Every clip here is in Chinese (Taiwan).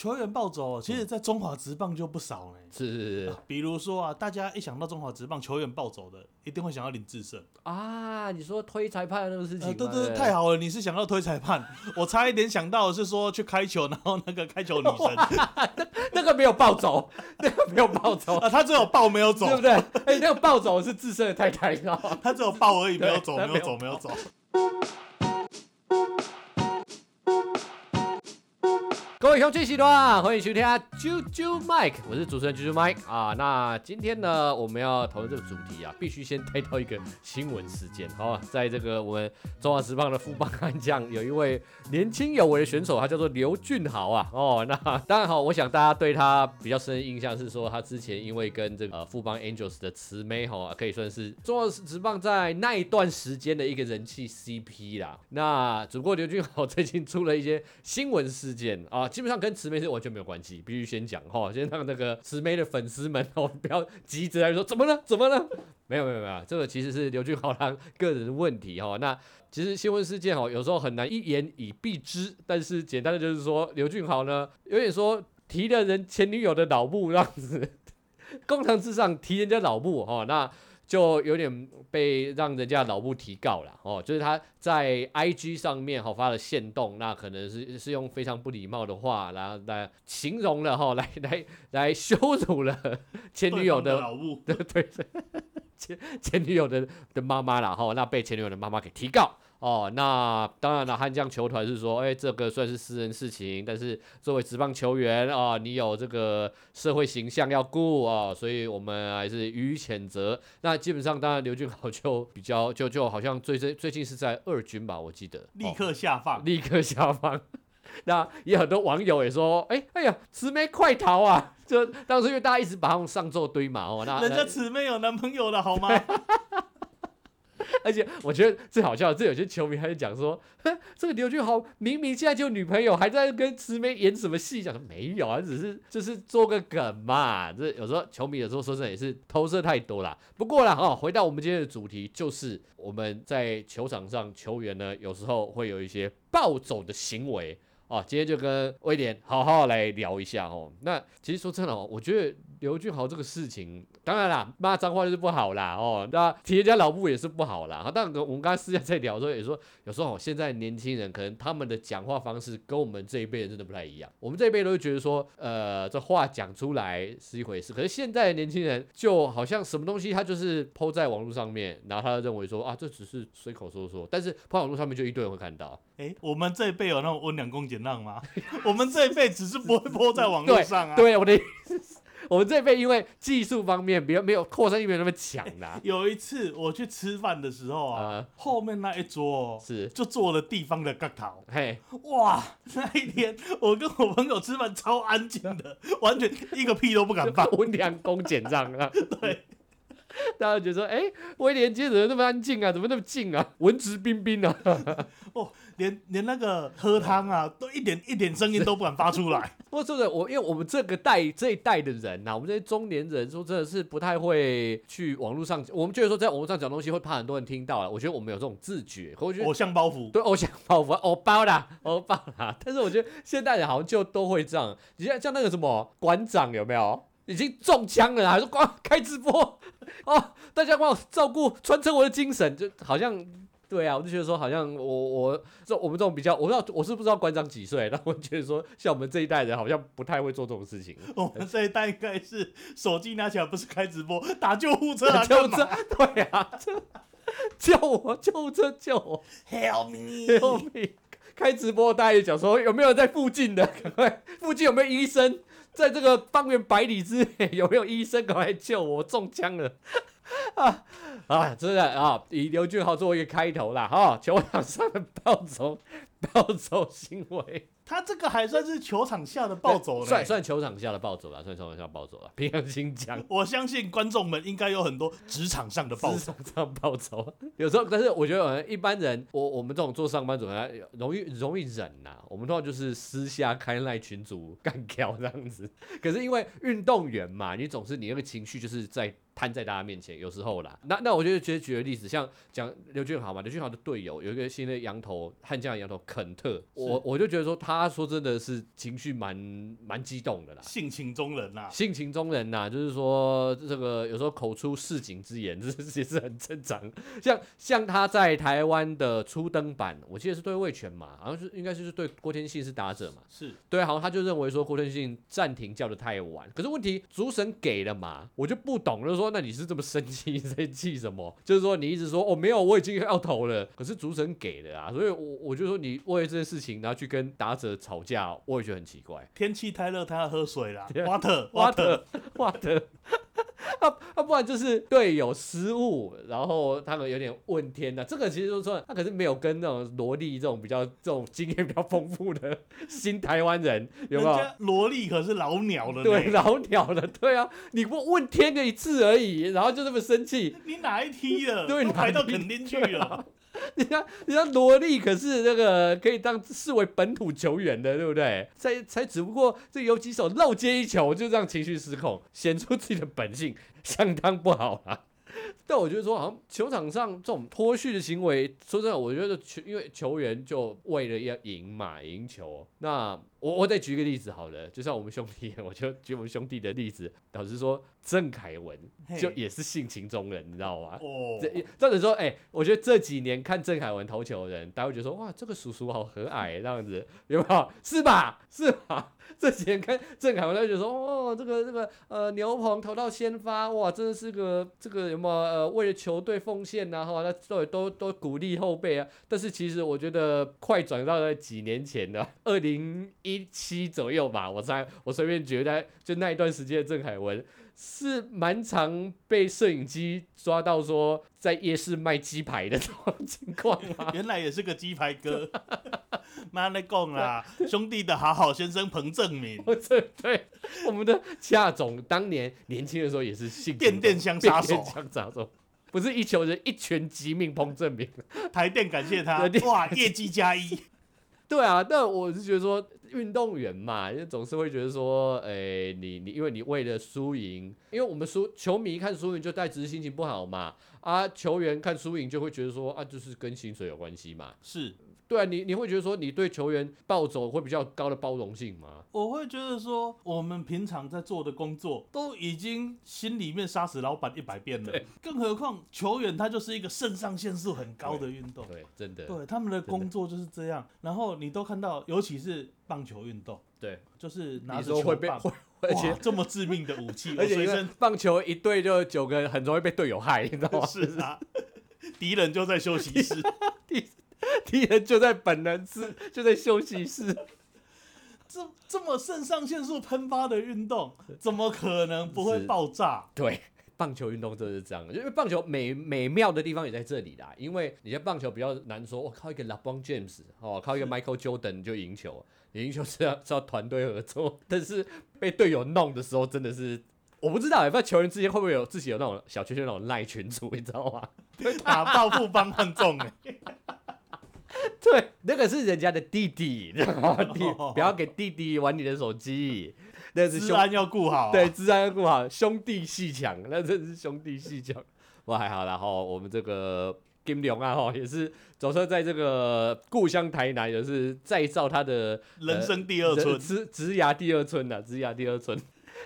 球員暴走，其實，在中華職棒就不少呢。是是是。比如說啊，大家一想到中華職棒球員暴走的，一定會想到林智勝。啊，你說推裁判那個事情？對對，太好了，你是想要推裁判？我差一點想到是說去開球，然後那個開球女神，那個沒有暴走，那個沒有暴走，啊，他只有暴沒有走，對不對？哎，那個暴走是智勝的太太，你知道嗎？他只有暴而已，沒有走，沒有走，沒有走。各位兄弟喜多，歡迎收聽啾啾 MIC，我是主持人啾啾 MIC 啊。那今天呢，我們要討論這個主題啊，必須先帶到一個新聞事件哈。在這個我們中華職棒的富邦悍將，有一位年輕有為的選手，他叫做劉俊豪啊。哦，那當然好，我想大家對他比較深的印象是說，他之前因為跟這個富、呃、邦 Angels 的慈妹哈、哦，可以算是中華職棒在那一段時間的一個人氣 CP 啦。那只不過劉俊豪最近出了一些新聞事件啊。哦基本上跟慈眉是完全沒有關係，必須先講哈，先讓那個慈眉的粉絲們哦，不要急着來說怎麼了怎麼了，沒有沒有沒有，這個其實是劉俊豪他個人的問題哈。那其實新聞事件哦，有時候很難一言以蔽之，但是簡單的就是說劉俊豪呢，有點說提了人前女友的老母這樣子，公堂之上提人家老母哈那。就有點被讓人家老母提告了哦，就是他在 IG 上面哈、哦、發了限動，那可能是是用非常不禮貌的話，然後來形容了哈、哦，來來來羞辱了前女友的，對，的對對對，前前女友的的媽媽了哈，那被前女友的媽媽給提告。哦，那當然了，悍將球團是說，哎、欸，這個算是私人事情，但是作為職棒球員啊、哦，你有這個社會形象要顧啊、哦，所以我們還是予以譴責。那基本上，當然劉俊豪就比較就就好像最最最近是在二軍吧，我記得立刻下放、哦，立刻下放。 那也很多網友也說，哎、欸，哎呀，慈妹快逃啊！ 就當時因為大家一直把他們送作堆嘛，哦，那人家慈妹有男朋友了好嗎？ 而且我覺得最好笑的，這有些球迷還在講說，這個劉俊豪明明現在就女朋友，還在跟慈眉演什麼戲？講說沒有啊，只是就是做個梗嘛。這、就是、有時候球迷有時候說真的也是投射太多了。不過了哈、哦，回到我們今天的主題，就是我們在球場上球員呢，有時候會有一些暴走的行為哦，今天就跟威廉好，好好來聊一下哦。那其實說真的哦，我覺得。劉俊豪這個事情，當然啦，罵髒話就是不好啦，哦，那提人家老母也是不好啦。當然，我們剛剛私下在聊的時候，也說，有時候現在的年輕人可能他們的講話方式跟我們這一輩人真的不太一樣。我們這一輩人都會覺得說，呃，這話講出來是一回事，可是現在的年輕人就好像什麼東西他就是 po 在網絡上面，然後他就認為說啊，這只是隨口說說，但是 po 網絡上面就一堆人會看到。哎、欸，我們這一輩有那種溫良恭儉讓嗎？ 我們這一輩只是不會 po 在網絡上啊對。對，我的意思。我們這邊因為技術方面比較沒有擴散性那麼強吶、啊欸。有一次我去吃飯的時候啊，呃、後面那一桌是就坐了地方的角頭。嘿，哇，那一天我跟我朋友吃飯超安靜的， 完全一個屁都不敢放，溫良恭儉讓啊。 對， 大家覺得說：“哎、欸，威廉今天怎麼那麼安靜啊，怎麼那麼靜啊？文質彬彬啊。 ”哦。連連那個喝湯啊，都一點一點聲音都不敢發出來。 不過真的，我因為我們這個代這一代的人吶、啊，我們這些中年人說真的是不太會去網絡上。我們覺得說在網絡上講東西會怕很多人聽到，我覺得我們有這種自覺。我覺得偶像包袱，對，偶像包袱偶包，偶包啦，偶包啦。但是我覺得現代人好像就都會這樣。你像像那個什麼館長有沒有？已經中槍了啦，還是光開直播？哦、啊，大家幫我照顧傳承我的精神，就好像。對啊，我就覺得說，好像我我這我，我們這種比較，我知道我是不知道官長幾歲，但我覺得說，像我們這一代人好像不太會做這種事情。我們這一代應該是手機拿起來不是開直播，打救護車。救護車，對啊，救我，救護車救我 Help me。開直播，大家也講說，有沒有在附近的？趕快，附近有沒有醫生？在這個方圓百里之內有沒有醫生？趕快救我，我中槍了啊！啊，真的啊，以劉俊豪作為一個開頭啦，哈、啊，球場上的暴走 暴走行為。他這個還算是球場下的暴走了，算算球場下的暴走了，算球場下的暴走了。憑良心講， 我相信觀眾們應該有很多職場上的職場上暴走，有時候，但是我覺得，好像一般人，我我們這種做上班族啊，容易容易忍吶、啊。我們通常就是私下開賴群組幹屌這樣子。可是因為運動員嘛，你總是你那個情緒就是在攤在大家面前，有時候啦，那那我就覺得舉個例子，像講劉俊豪嘛，劉俊豪的隊友有一個新的羊頭悍將羊頭肯特，我我就覺得說他。他說：“真的是情緒蠻蠻激動的啦，性情中人吶、啊，性情中人吶、啊，就是說這個有時候口出市井之言，這些是很正常。像像他在台灣的初登板，我記得是對味全嘛，好像是應該就是對郭天信是打者嘛，是,是對，好像他就認為說郭天信暫停叫得太晚，可是問題主審給了嘛，我就不懂，就是說那你是這麼生氣在氣什麼？就是說你一直說哦沒有，我已經要投了，可是主審給了啊，所以我我就說你為這件事情然後去跟打者。”吵架我也覺得很奇怪。天氣太熱，他要喝水啦。Water，water，water。不然就是隊友失誤，然後他們有點問天啊。這個其實就是說他可是沒有跟那種蘿莉這種比較這種經驗比較豐富的 新台灣人，有沒有？蘿莉可是老鳥的，對老鳥的，對啊，你不問天的一次而已，然後就這麼生氣？你哪一梯了？你 對排到肯定去了。你看，你看羅利可是那個可以當視為本土球員的，對不對？才才只不過這遊擊手漏接一球，就這樣情緒失控，顯出自己的本性相當不好啊。但我覺得說，好像球場上這種脫序的行為，說真的，我覺得球因為球員就為了要贏嘛，贏球那。我我再舉個例子好了，就像我們兄弟，我就舉我們兄弟的例子。老實說，鄭凱文就也是性情中人，Hey. 你知道嗎？哦、oh.，這樣子說，哎、欸，我覺得這幾年看鄭凱文投球的人，大家會覺得說，哇，這個叔叔好和藹這樣子，有沒有？是吧？是吧？這幾年看鄭凱文，大家就說，哦，這個這個呃牛棚投到先發，哇，真的是個這個有沒有呃為了球隊奉獻啊。」哈，那所以都都，都鼓勵後輩啊。但是其實我覺得，快轉到了幾年前的二零。2011一七左右吧，我猜我隨便覺得，就那一段時間的鄭凱文是蠻常被攝影機抓到說在夜市賣雞排的情況，啊、原來也是個雞排哥，媽勒共啦， 兄弟的好好先生彭政閔，對對，我們的夏總當年年輕的時候也是性電電槍殺手，手 不是一球人一拳擊命彭政閔，台電感謝他 哇 業績加一。對啊，但我是覺得說，運動員嘛，就總是會覺得說，誒、哎，你你，因為你為了輸贏，因為我們輸，球迷一看輸贏就代表心情不好嘛，啊，球員看輸贏就會覺得說，啊，就是跟薪水有關係嘛，是。對啊，你你會覺得說，你對球員暴走會比較高的包容性嗎？我會覺得說，我們平常在做的工作都已經心裡面殺死老板一百遍了，更何況球員他就是一個腎上腺素很高的運動，對，真的，對他們的工作就是這樣。然後你都看到，尤其是棒球運動，對，就是拿着球棒，而且這麼致命的武器，而且棒球一隊就九個人，很容易被隊友害，你知道嗎？是啊，敵人就在休息室。敵 人就在本能寺，就在休息室。 這這麼腎上腺素噴發的運動，怎麼可能不會爆炸？就是、對，棒球運動就是這樣，因為棒球美美妙的地方也在這裡啦。因為你像棒球比較難說，我、哦、靠一個 LeBron James 哦，靠一個 Michael Jordan 就贏球， 你贏球是要是要團隊合作。但是被隊友弄的時候，真的是我不知道、欸，也不知道球員之間會不會有自己有那種小圈圈那種賴群組，你知道嗎？會 打報復棒棒中哎、欸。 對，那個是人家的弟弟，然後弟不要給弟弟玩你的手機，那個、是。治安要顧好、啊。對，治安要顧好，兄弟鬩牆，那個、真是兄弟鬩牆。我還、 哎、好，然後我們這個金龍啊，哈，也是，總算在這個故鄉台南，也、就是再造他的人生第二春，職植、呃、牙第二春吶、啊，植牙第二春。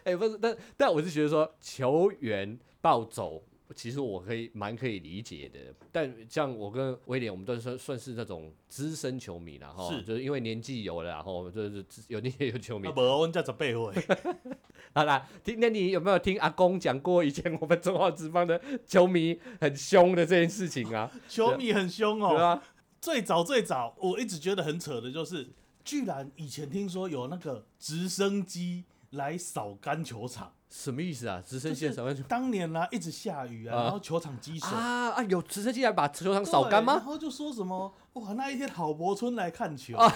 哎、欸，不是，但但我是覺得說球員暴走。其實我可以蠻可以理解的，但像我跟威廉，我們都算算是那種資深球迷了哈。是。就是因為年紀有了，然後就是有那些有球迷。那無、啊，我們這十八歲。 好啦，聽，那你有沒有聽阿公講過以前我們中華職棒的球迷很凶的這件事情啊？喔、是球迷很凶哦。嗎最早最早，我一直覺得很扯的，就是居然以前聽說有那個直升機來掃乾球場。什麼意思啊？直升機掃完就當年啦，啊，一直下雨啊，然後球場積水啊啊，有直升機來把球場掃乾嗎？然後就說什麼哇，那一天郝柏村來看球啊，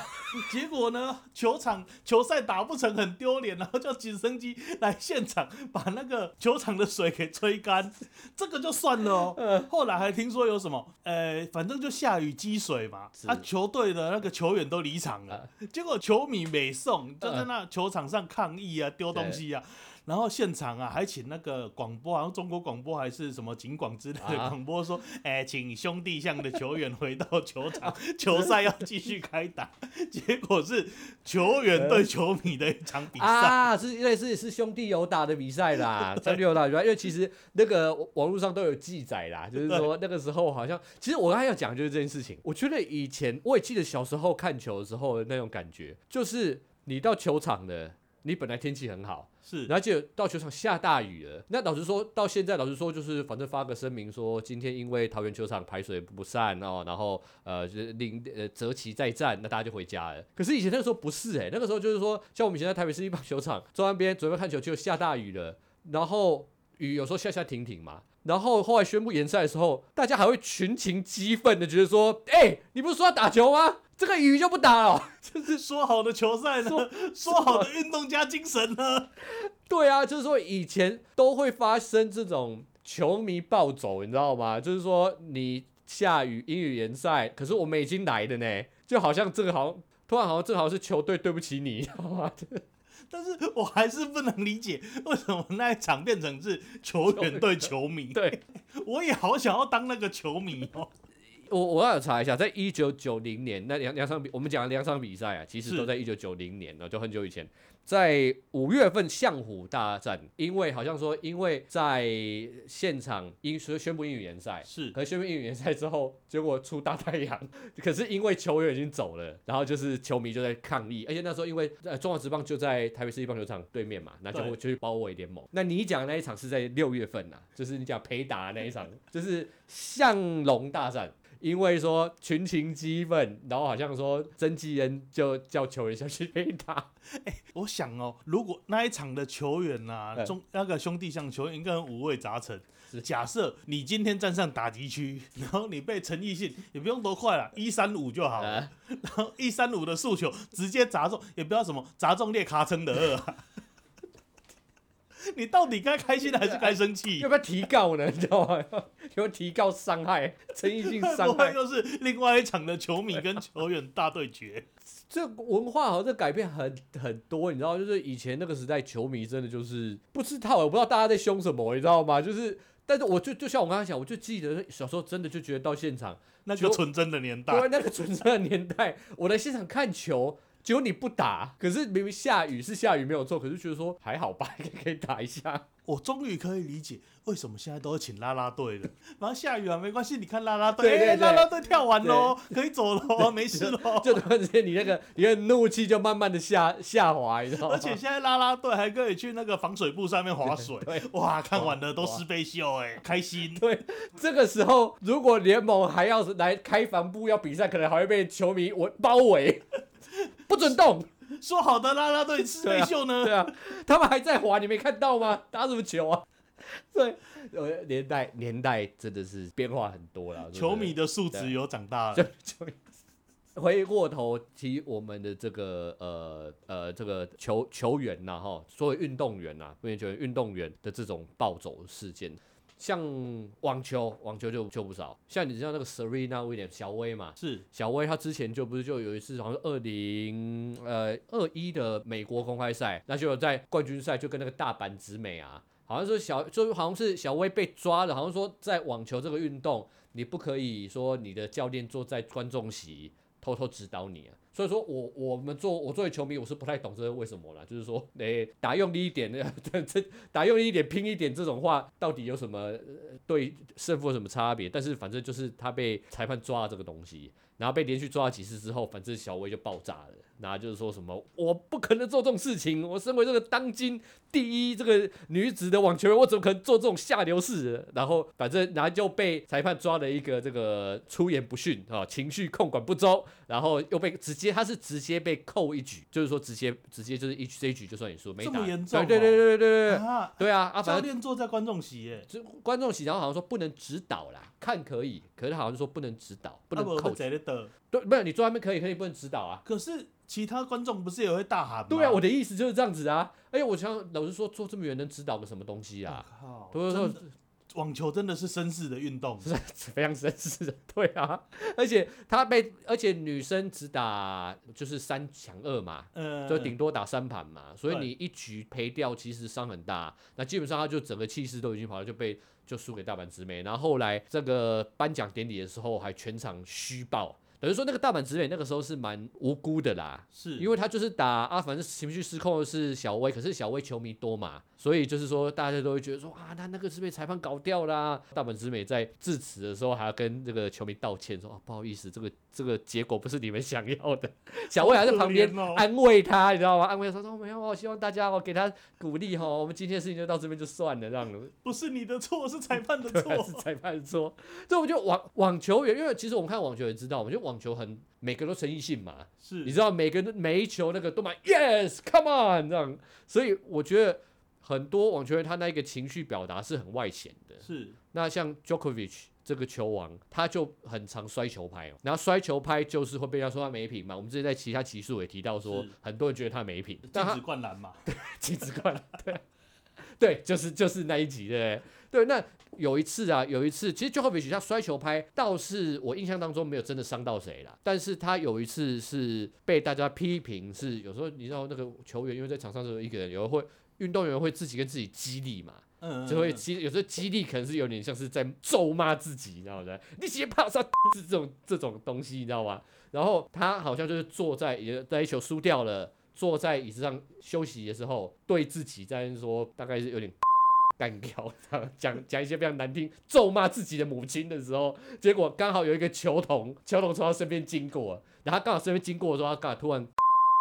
結果呢，球場球賽打不成，很丟臉，然後叫直升機來現場把那個球場的水給吹乾。這個就算了哦，呃。後來還聽說有什麼，呃、反正就下雨積水嘛，是啊，球隊的那個球員都離場了，啊、結果球迷沒送，就在那球場上抗議啊，丟對東西啊。然後現場啊，還請那個廣播、啊，好像，中國廣播還是什麼警廣之類的廣播說：“哎、啊，請兄弟象的球員回到球場， 球賽要繼續開打。”結果是球員對球迷的一場比賽啊，是，對，是是兄弟有打的比賽啦，對兄弟有打比賽。因為其實那個網絡上都有記載啦，就是說那個時候好像，對其實我剛才要講就是這件事情。我覺得以前我也記得小時候看球的時候的那種感覺，就是你到球場的。你本來天氣很好，是，然後就到球場下大雨了。那老實說，到現在老實說，就是反正發個聲明說，今天因為桃園球場排水不善哦，然後呃就領呃擇期再戰，那大家就回家了。可是以前那時候不是，欸、那個時候就是說，像我們以前在台北市立棒球場，周邊左邊準備看球就下大雨了，然後雨有時候下下停停嘛，然後後來宣布延賽的時候，大家還會群情激憤的，覺得說，哎、欸，你不是說要打球嗎？這個雨就不打了，這是說好的球賽，說說好的運動家精神呢？對啊，就是說以前都會發生這種球迷暴走，你知道嗎？就是說你下雨，陰雨延賽，可是我們已經來的呢，就好像這個好突然好像正好是球隊對不起你一樣。但是我還是不能理解，為什麼那一場變成是球員對球迷。對，我也好想要當那個球迷哦、喔。我我要查一下，在一九九零年那兩兩場比，我們講的兩場比賽啊，其實都在一九九零年了。是就很久以前，在五月份象虎大戰，因為好像說，因為在現場因宣布因雨延賽，是，可是宣布因雨延賽之後，結果出大太陽，可是因為球員已經走了，然後就是球迷就在抗議，而且那時候因為呃中華職棒就在台北市立棒球場對面嘛，那就會就包圍聯盟。對那你講那一場是在六月份吶、啊，就是你講陪打那一場， 就是象龍大戰。因為說群情激憤，然後好像說真其人就叫球員下去陪他、欸。我想哦，如果那一場的球員吶、啊，對中那個兄弟像球員應該，個人五味雜陳。假設你今天站上打擊區，然後你被陳義信，也不用多快了，一三五就好了。啊、然後一三五的速球直接砸中，也不知道什麼砸中列卡稱的二 你到底該開心還是該生氣？要不要提告呢？你知道嗎？要提告傷害，陳奕性傷害。又是另外一場的球迷跟球員大對決。 這文化和這改變很很多，你知道，就是以前那個時代，球迷真的就是不知道，我不知道大家在凶什麼，你知道嗎？就是，但是我就就像我剛才講，我就記得小時候真的就覺得到現場，那個純真的年代，對，那個純真的年代， 我在現場看球。只有你不打，可是明明下雨是下雨沒有錯，可是覺得說還好吧，可以打一下。我終於可以理解為什麼現在都要請啦啦隊了。然後下雨了，沒關係，你看啦啦隊，對，啦啦隊跳完嘍，可以走嘍，沒事嘍。就突然間你那個，一個怒氣就慢慢的下下滑，你知道嗎？而且現在啦啦隊還可以去那個防水布上面划水，哇，看完了都濕背秀，哎，開心。對，這個時候如果聯盟還要來開防布要比賽，可能還會被球迷圍包圍。不准動！說好的啦啦隊刺背秀呢 對、啊？對啊，他們還在滑，你沒看到嗎？打什麼球啊？對，年代年代真的是變化很多了，球迷的素質有長大了就。球迷，回過頭，其實我們的這個呃呃這個球球員吶、啊、哈，所謂運動員吶、啊，不完全運動員的這種暴走事件。像網球，網球就就不少。像你知道那個 Serena Williams 小威嘛？是小威，她之前就不是就有一次，好像二零呃二一的美國公開賽，那就有在冠軍賽就跟那個大阪直美啊，好像說小就好像是小威被抓了，好像說在網球這個運動，你不可以說你的教練坐在觀眾席，偷偷指導你啊，所以說我我們做我作為球迷，我是不太懂這是為什麼啦，就是說，哎、欸，打用力一點這這打用力一點、拼一點這種話，到底有什麼對勝負有什麼差別？但是反正就是他被裁判抓了這個東西，然後被連續抓了幾次之後，反正小威就爆炸了。然後就是說什麼，我不可能做這種事情。我身為這個當今第一這個女子的網球人，我怎麼可能做這種下流事？然後反正然後就被裁判抓了一個這個出言不遜啊，情緒控管不周，然後又被直接他是直接被扣一局，就是說直接直接就是一局這一局就算你輸沒打。這麼嚴重？哦？對對對對對對，啊、哈對啊！教練坐在觀眾席耶，觀眾席，然後好像說不能指導啦，看可以，可是好像是說不能指導，不能扣。啊不是你坐那邊可以，可以不能指導啊。可是其他觀眾不是也會大喊嗎？對啊，我的意思就是這樣子啊。哎我想老實說坐這麼遠能指導個什麼東西啊？不是說網球真的是紳士的運動，是非常紳士的。對啊，而且他被而且女生只打就是三強二嘛，嗯、就頂多打三盤嘛，所以你一局賠掉其實傷很大。對那基本上他就整個氣勢都已經跑了，就被就輸給大阪直美。然後後來這個頒獎典禮的時候還全場噓爆。等於說那個大阪直美那個時候是蠻無辜的啦，是因為他就是打阿凡，啊、反正是情緒失控的是小威，可是小威球迷多嘛。所以就是說，大家都會覺得說啊，他那，那個是被裁判搞掉啦、啊。大坂直美在致辭的時候，還要跟這個球迷道歉說，說啊不好意思，這個這個結果不是你們想要的。小威還在旁邊安慰他，喔、你知道嗎？安慰他說、喔、沒有，我希望大家哦、喔，給他鼓勵哈。我們今天的事情就到這邊就算了，這樣子。不是你的錯，是裁判的錯，是裁判的錯。 所以我覺得網網球員，因為其實我們看網球員知道，我覺得網球很每個都誠意性嘛，是，你知道每個每一球那個都嘛 yes come on 這樣。所以我覺得。很多網球員他那個情緒表達是很外顯的，是。那像 Djokovic 這個球王，他就很常摔球拍哦，然後摔球拍就是會被人家說他沒品嘛。我們之前在其他集數也提到說，很多人覺得他沒品，是他禁止灌籃嘛，對，禁止灌籃，對， 對，就是就是那一集的，對。那有一次啊，有一次，其實 Djokovic 他摔球拍，倒是我印象當中沒有真的傷到誰啦，但是他有一次是被大家批評，是有時候你知道那個球員因為在場上時候一個人，有時候會。運動員會自己跟自己激勵嘛，嗯嗯嗯，就會其實有時候激勵可能是有點像是在咒罵自己，你知道嗎？你先怕啥？是這種這種東西，你知道嗎？然後他好像就是坐在也在一球輸掉了，坐在椅子上休息的時候，對自己在說大概是有點乾掉， 講講一些非常難聽咒罵自己的母親的時候，結果剛好有一個球童球童，從他身邊經過，然後他剛好身邊經過的時候，他剛好突然。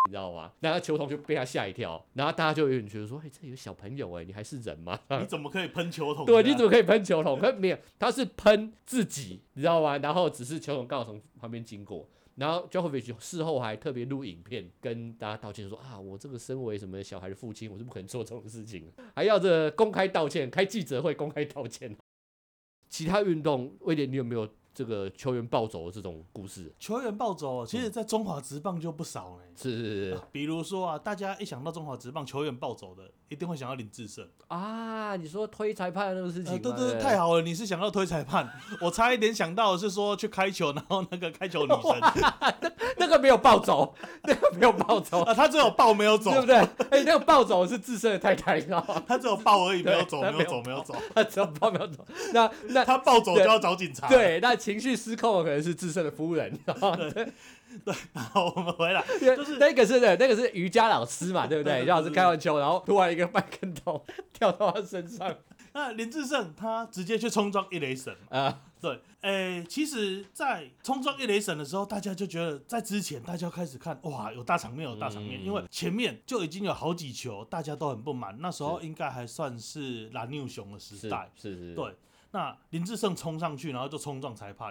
你知道嗎？那個球童就被他嚇一跳，然後大家就有人覺得說：“哎、欸，這裡有小朋友、欸、你還是人嗎？ 你怎麼可以噴球童？”對，你怎麼可以噴球童？可是 沒有，他是噴自己，你知道嗎？然後只是球童剛好從旁邊經過，然後 Djokovic 事後還特別錄影片跟大家道歉說：“啊，我這個身為什麼小孩的父親，我是不，是不可能做這種事情，還要這公開道歉，開記者會公開道歉。 ”其他運動威廉，你有沒有？這個球員暴走的這種故事，球員暴走，其實，在中華職棒就不少呢。是是是，比如說啊，大家一想到中華職棒球員暴走的，一定會想到林智勝啊。你說推裁判那個事情，對對，太好了。你是想要推裁判。我差一點想到的是說去開球，然後那個開球女生，那那個沒有暴走，那個沒有暴走啊，他只有暴沒有走，對不對？哎，那個暴走是智勝的太太，你知道嗎？他只有暴而已，沒有走，沒有走，沒有走，他只有暴沒有走。那那他暴走就要找警察，對那。情緒失控，可能是智勝的夫人，然後對， 對，然後我們回來，對就是那個是的，那個是瑜伽老師嘛，對不對？瑜伽 對老師開完球，然後突然一個翻跟頭，跳到他身上。 那林智勝他直接去衝撞一雷神啊，呃、對，誒、欸，其實，在衝撞一雷神的時候，大家就覺得，在之前大家開始看，哇，有大場面，有大場面，嗯、因為前面就已經有好幾球，大家都很不滿。那時候應該還算是 La New 熊的時代，是是，是是是對。那林智勝衝上去，然後就衝撞裁判，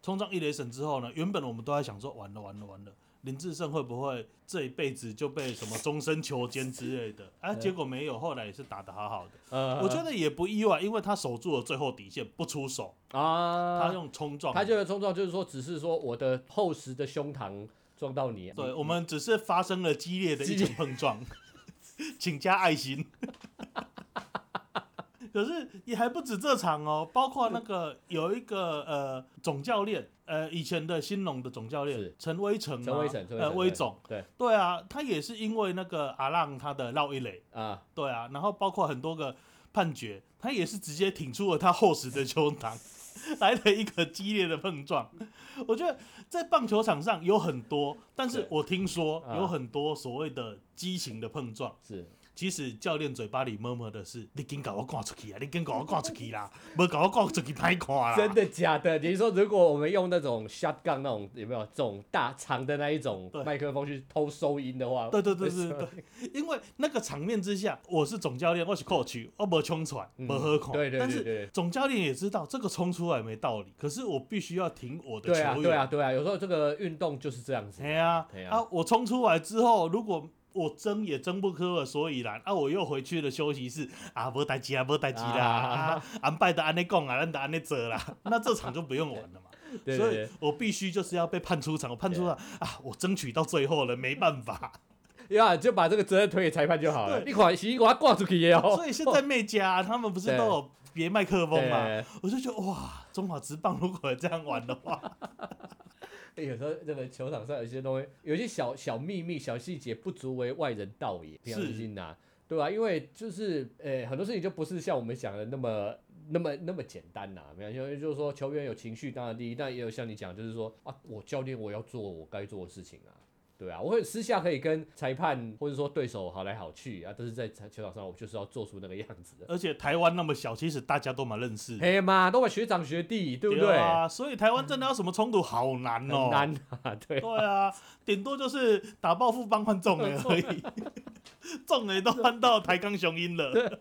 衝、嗯、撞一壘審之後呢，原本我們都在想說，完了完了完了，林智勝會不會這一輩子就被什麼終身囚監之類的？哎 是，啊、結果沒有， 後來也是打得好好的，啊、我覺得也不意外，因為他守住了最後底線，不出手啊。他用衝撞，他這個衝撞就是說，只是說我的厚實的胸膛撞到你、啊。對我們只是發生了激烈的一種碰撞， 請加愛心。可是也還不止這場哦，包括那個有一個 呃總教練呃以前的興農的總教練陳威成，陳威成，呃威總，對對，對啊，他也是因為那個阿浪他的繞一壘啊，對啊，然後包括很多個判決，他也是直接挺出了他厚實的胸膛， 來了一個激烈的碰撞。我覺得在棒球場上有很多，但是我聽說有很多所謂的激情的碰撞、啊、是。其實教練嘴巴裡默默的是，你敢把我看出去啊？你敢把我看出去啦？沒把我看出去，太看啦！真的假的？你說，如果我們用那種 shotgun 那種，有沒有這種大長的那一種麥克風去偷收音的話？對對對對對，因為那個場面之下，我是總教練，我是 coach，我沒衝出來，沒喝口。對對對。但是總教練也知道這個衝出來沒道理，可是我必須要挺我的球員。對啊對啊，有時候這個運動就是這樣子。對啊。啊，我衝出來之後，如果。我爭也爭不開了，所以啦，啊，我又回去了休息室，啊，無代志啊，無代志啦，俺拜的安尼講啊，俺得、啊啊、安尼走啦，這啊、那這場就不用玩了嘛，對對對，所以我必須就是要被判出場，我判出場對啊，我爭取到最後了，沒辦法，呀，就把這個責任推給裁判就好了，對你看，是我還掛出去了、哦，所以現在麥家他們不是都有別麥克風嘛，我就覺得哇，中華職棒如果這樣玩的話。 哎、欸，有時候這個球場上有些東西，有些小小秘密，小細節，不足為外人道也。常是啊，對吧？因為就是，呃、欸，很多事情就不是像我們講的那麼、那麼、那麼簡單吶、啊。沒有，因為就是說，球員有情緒當然第一，但也有像你講，就是說啊，我教練我要做我該做的事情啊。對啊，我會私下可以跟裁判或者說對手好來好去啊，但是在球場上我就是要做出那個樣子的。而且台灣那麼小，其實大家都蠻認識的。嘿嘛，都是學長學弟，對不對？對啊，所以台灣真的要什麼衝突好難哦、喔。好、嗯、難啊，對啊。對啊，頂多就是打報復幫換撞的而已，撞的 都換到台鋼雄鷹了。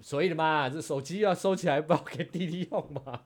所以嘛，這手機要收起來，不要給弟弟用嘛。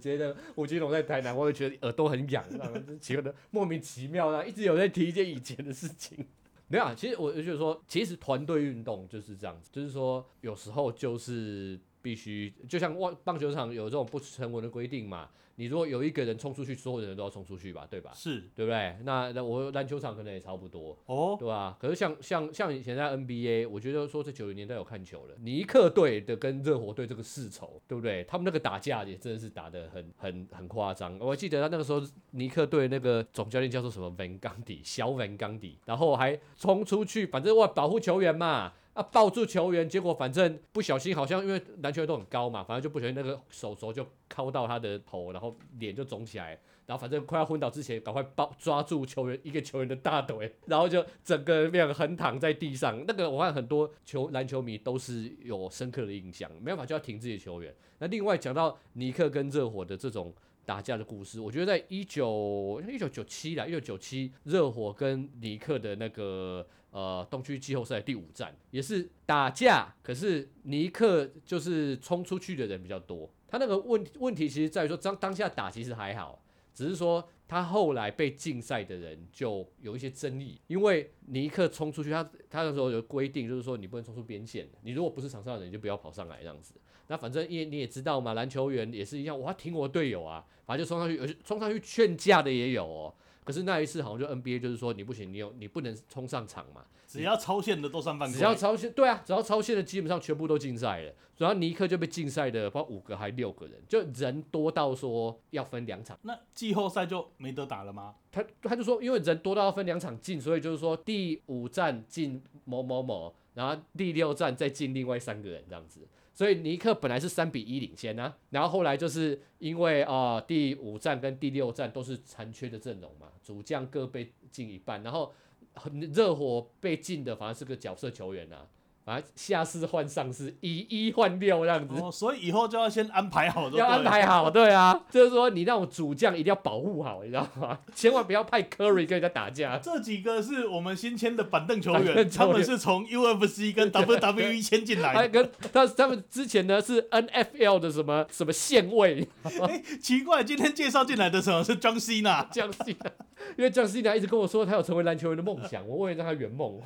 覺得吳奇隆我在台南，我就覺得耳朵很癢，然後覺得莫名其妙啊，一直有在提一件以前的事情。 沒有啊，其實我就是說，其實團隊運動就是這樣子，就是說有時候就是必須，就像棒球場有這種不成文的規定嘛。你如果有一個人衝出去，所有的人都要衝出去吧，對吧？是對不對？那那我籃球場可能也差不多哦，對吧？可是像像像以前在 NBA，我覺得說這九零年代有看球了，尼克隊的跟熱火隊這個世仇，對不對？他們那個打架也真的是打得很很很誇張。我還記得他那個時候尼克隊那個總教練叫做什麼范甘迪，小范甘迪，然後還衝出去，反正哇保護球員嘛。啊，抱住球員，結果反正不小心，好像因為籃球員都很高嘛，反正就不小心那個手手就摳到他的頭，然後臉就腫起來，然後反正快要昏倒之前，趕快抱抓住球員一個球員的大腿，然後就整個人面橫躺在地上。那個我看很多球籃球迷都是有深刻的印象，沒辦法就要停自己的球員。那另外講到尼克跟熱火的這種。打架的故事，我覺得在一九一九九七、啦，一九九七熱火跟尼克的那個呃、東區季後賽第五戰也是打架，可是尼克就是衝出去的人比較多。他那個問問題其實在於說，當當下打其實還好，只是說他後來被禁賽的人就有一些爭議，因為尼克衝出去，他他那時候有規定，就是說你不能衝出邊線，你如果不是場上的人，你就不要跑上來這樣子。那反正因為你也知道嘛，籃球員也是一樣，我還挺我隊友啊，反正就衝上去，衝上去勸架的也有哦。可是那一次好像就 NBA 就是說你不行，你有你不能衝上場嘛。只要超限的都上半場。只要超限，對啊，只要超限的基本上全部都禁賽了。然後尼克就被禁賽的，包括五個還是六個人，就人多到說要分兩場。那季後賽就沒得打了嗎？他他就說，因為人多到要分兩場禁，所以就是說第五戰禁某某某，然後第六戰再禁另外三個人這樣子。所以尼克本來是三比一領先吶、啊，然後後來就是因為啊、呃、第五戰跟第六戰都是殘缺的陣容嘛，主將各被禁一半，然後熱火被禁的反而是個角色球員吶、啊。啊，下士換上士，以一換六這樣子，哦，所以以後就要先安排好，對，要安排好，對啊， 就是說你讓我主將一定要保護好，你知道嗎？千萬不要派 Curry 跟人家打架。 這幾個是我們新簽的板凳球員，球員他們是從 UFC 跟 WWE 簽進來的， 哎，跟他他們之前呢是 NFL 的什麼什麼線衛， 欸。奇怪，今天介紹進來的時候是 John Cena 呢，John Cena 因為 Jocina 一直跟我說他有成為籃球員的夢想，我為了讓他圓夢，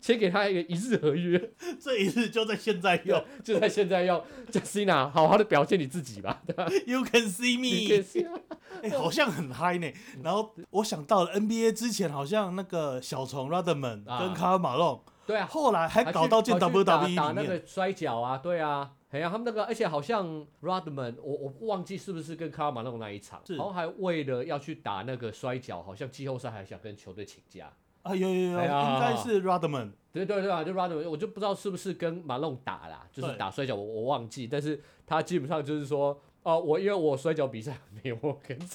先給他一個一日合約，這一日就在現在用，就在現在用。Jocina 好好的表現你自己吧，對吧？You can see me，哎，好像很嗨呢。然後我想到了 NBA 之前好像那個小蟲 Rodman 跟卡爾馬龍，對啊，後來還搞到進 WWE 打那個摔跤啊，對啊。哎呀，他們那個，而且好像 Rodman，我我忘記是不是跟卡爾馬龍那一場，是然後還為了要去打那個摔角，好像季後賽還想跟球隊請假。啊有有有，哎、呀應該是 Rodman。對對對啊，就 Rodman，我就不知道是不是跟馬龍打啦，就是打摔角，我我忘記，但是他基本上就是說，哦、呃、我因為我摔角比賽沒有我跟， 假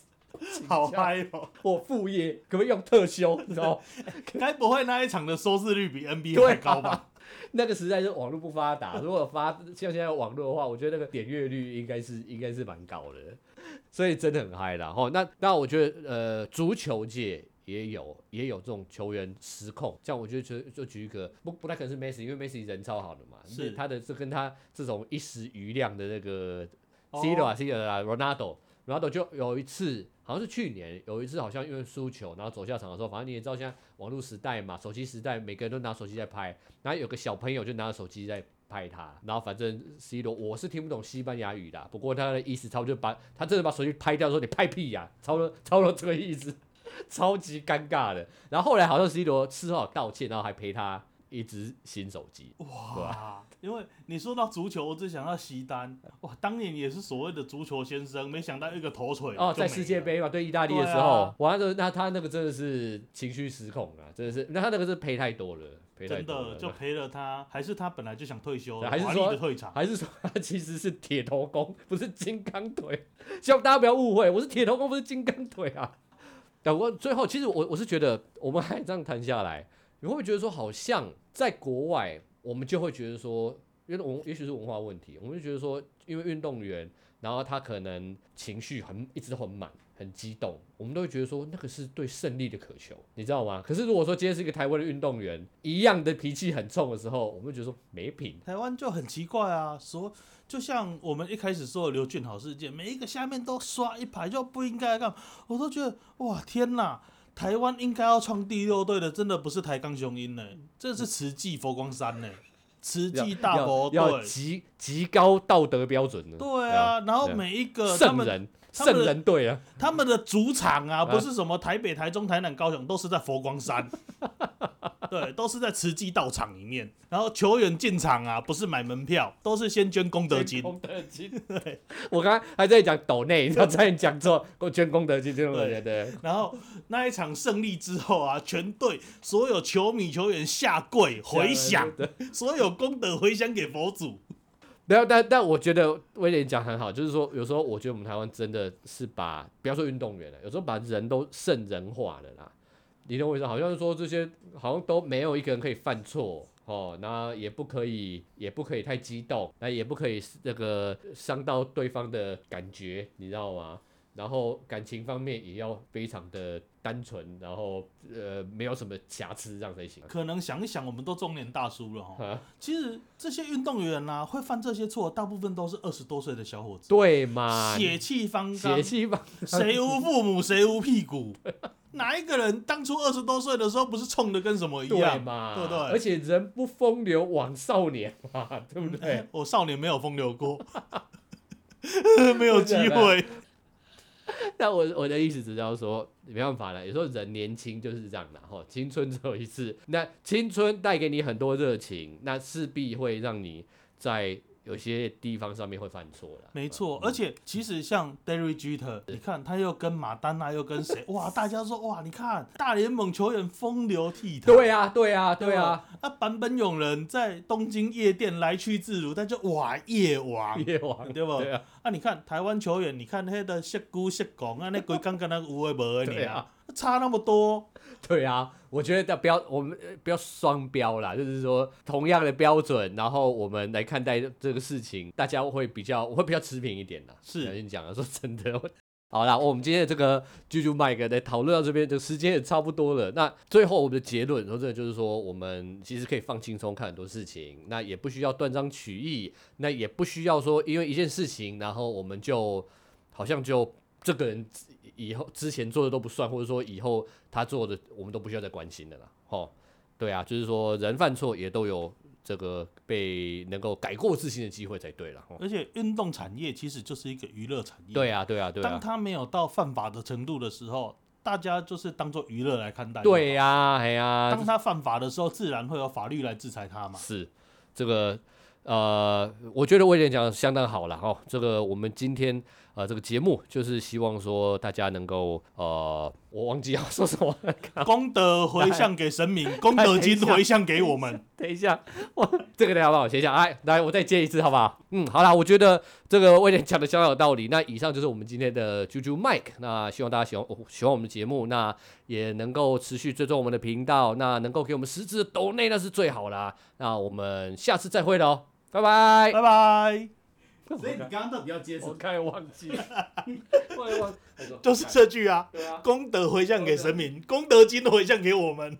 好嗨哦、喔，我副業可不可以用特休？然後你知道，該不會那一場的收視率比 NBA 還高吧？ 那個時代是網絡不發達，如果發像現在網絡的話，我覺得那個點閱率應該是應該是蠻高的，所以真的很嗨啦吼。那那我覺得呃，足球界也有也有這種球員失控，像我覺得就就，就舉一個，不不太可能是梅西，因為梅西人超好的嘛，是他的是跟他這種一時瑜亮的那個、oh. C 羅啊 C 羅啊，Ronaldo Ronaldo 就有一次好像是去年有一次好像因為輸球然後走下場的時候，反正你也知道現在。網絡時代嘛，手機時代，每個人都拿手機在拍。然後有個小朋友就拿着手機在拍他，然後反正 C 羅我是聽不懂西班牙語的，不過他的意思差不多，就把他真的把手機拍掉的時候，說你拍屁呀，啊，差不多差不多這個意思，超級尷尬的。然後後來好像 C 羅事後好道歉，然後還賠他。一只新手機哇！啊、因為你說到足球，我只想到席丹哇，當年也是所謂的足球先生，沒想到一個頭槌。哦，在世界杯吧，對意大利的時候，完了、啊那個、那他那個真的是情緒失控啊，真的是，那他那個是賠太多了，賠太多了，真的那就賠了他，還是他本來就想退休，還是說退場還是說他其實是鐵頭功，不是金剛腿，希望大家不要誤會，我是鐵頭功，不是金剛腿啊。但我最後其實我我是覺得，我們還這樣談下來。你會不會覺得說，好像在國外，我們就會覺得說，因為我們也許是文化問題，我們就覺得說，因為運動員，然後他可能情緒很一直都很滿、很激動，我們都會覺得說，那個是對勝利的渴求，你知道嗎？可是如果說今天是一個台灣的運動員，一樣的脾氣很衝的時候，我們就覺得說沒品。台灣就很奇怪啊，說就像我們一開始說的劉俊豪事件，每一個下面都刷一排，就不應該幹嘛，我都覺得哇，天哪！台灣應該要創第六隊的，真的不是台鋼雄鷹呢，這是慈濟佛光山呢，慈濟大佛隊，極極高道德標準呢。對啊，對啊，然後每一個聖、啊、人。聖人隊啊，他們的主場啊，不是什麼台北、台中、台南、高雄，都是在佛光山。 對，都是在慈濟道場裡面。然後球員進場啊，不是買門票，都是先捐功德金。功德金，我剛才還在講斗內，然後再講說，我捐功德金。對對對。然後那一場勝利之後啊，全隊所有球迷球員下跪回響，所有功德回響給佛祖。然後，但但我覺得威廉講很好，就是說，有時候我覺得我們台灣真的是把，不要說運動員了，有時候把人都聖人化了啦。你認為是？好像是說這些好像都沒有一個人可以犯錯哦，那也不可以，也不可以太激動，那也不可以那個傷到對方的感覺，你知道嗎？然後感情方面也要非常的單純，然後呃沒有什麼瑕疵這樣才行。可能想一想，我們都中年大叔了，哦啊，其實這些運動員吶，啊，會犯這些錯，大部分都是二十多歲的小伙子，對嘛？血氣方剛，血氣方剛，誰無父母，誰無屁股？ 哪一個人當初二十多歲的時候不是衝的跟什麼一樣？對嘛？對不對？而且人不風流枉少年嘛，對不對，嗯欸？我少年沒有風流過， 沒有機會。 那我我的意思只是要說，沒辦法了。有時候人年輕就是這樣的，哈，青春只有一次。那青春帶給你很多熱情，那勢必會讓你在。有些地方上面會犯錯了、啊錯，沒錯、嗯。而且其實像 Derek Jeter，是你看他又跟馬丹娜、啊，又跟誰？是哇！大家說哇，你看大聯盟球員風流倜儻、 啊。對呀、啊，對呀，對呀。那坂本勇人在東京夜店來去自如，但就哇夜王夜王，對不？啊，你看台灣球員，你看他的石古石講啊，那鬼剛剛那有誒無你啊。差那麼多，對啊，我覺得的標，我們不要雙標啦，就是說同樣的標準，然後我們來看待這個事情，大家會比較，我會比較持平一點的。是，我跟你講了，說真的，好啦，我們今天的這個啾啾麥克在討論到這邊，就、這個、時間也差不多了。那最後我們的結論說，這就是說，我們其實可以放輕鬆看很多事情，那也不需要斷章取義，那也不需要說因為一件事情，然後我們就好像就這個人。以後之前做的都不算，或者說以後他做的我們都不需要再關心的了，吼，對啊，就是說人犯錯也都有這個被能夠改過自新的機會才對了，而且運動產業其實就是一個娛樂產業，對啊對啊對啊，對啊對啊，當他沒有到犯法的程度的時候，大家就是當做娛樂來看待，對啊，對呀，哎呀，當他犯法的時候，自然會有法律來制裁他嘛，是這個呃，我覺得我也講相當好了哦，這個我們今天。呃，這個節目就是希望說大家能夠呃，我忘記要說什麼、啊、功德回向給神明，來功德金回向給我們。等一下，哇，這個得要幫我寫一下。哎，來，我再接一次，好不好？嗯，好啦。我覺得這個威廉講的相當有道理。那以上就是我們今天的啾啾 MIC。那希望大家喜歡、哦，喜歡我們的節目，那也能夠持續追蹤我們的頻道，那能夠給我們實質的抖內那是最好啦。那我們下次再會咯，拜拜，拜拜。所以你剛剛到底要接什麼？我該看忘記了，就是這句啊，功、 啊、德回向給神明，功、哦、德金回向給我們。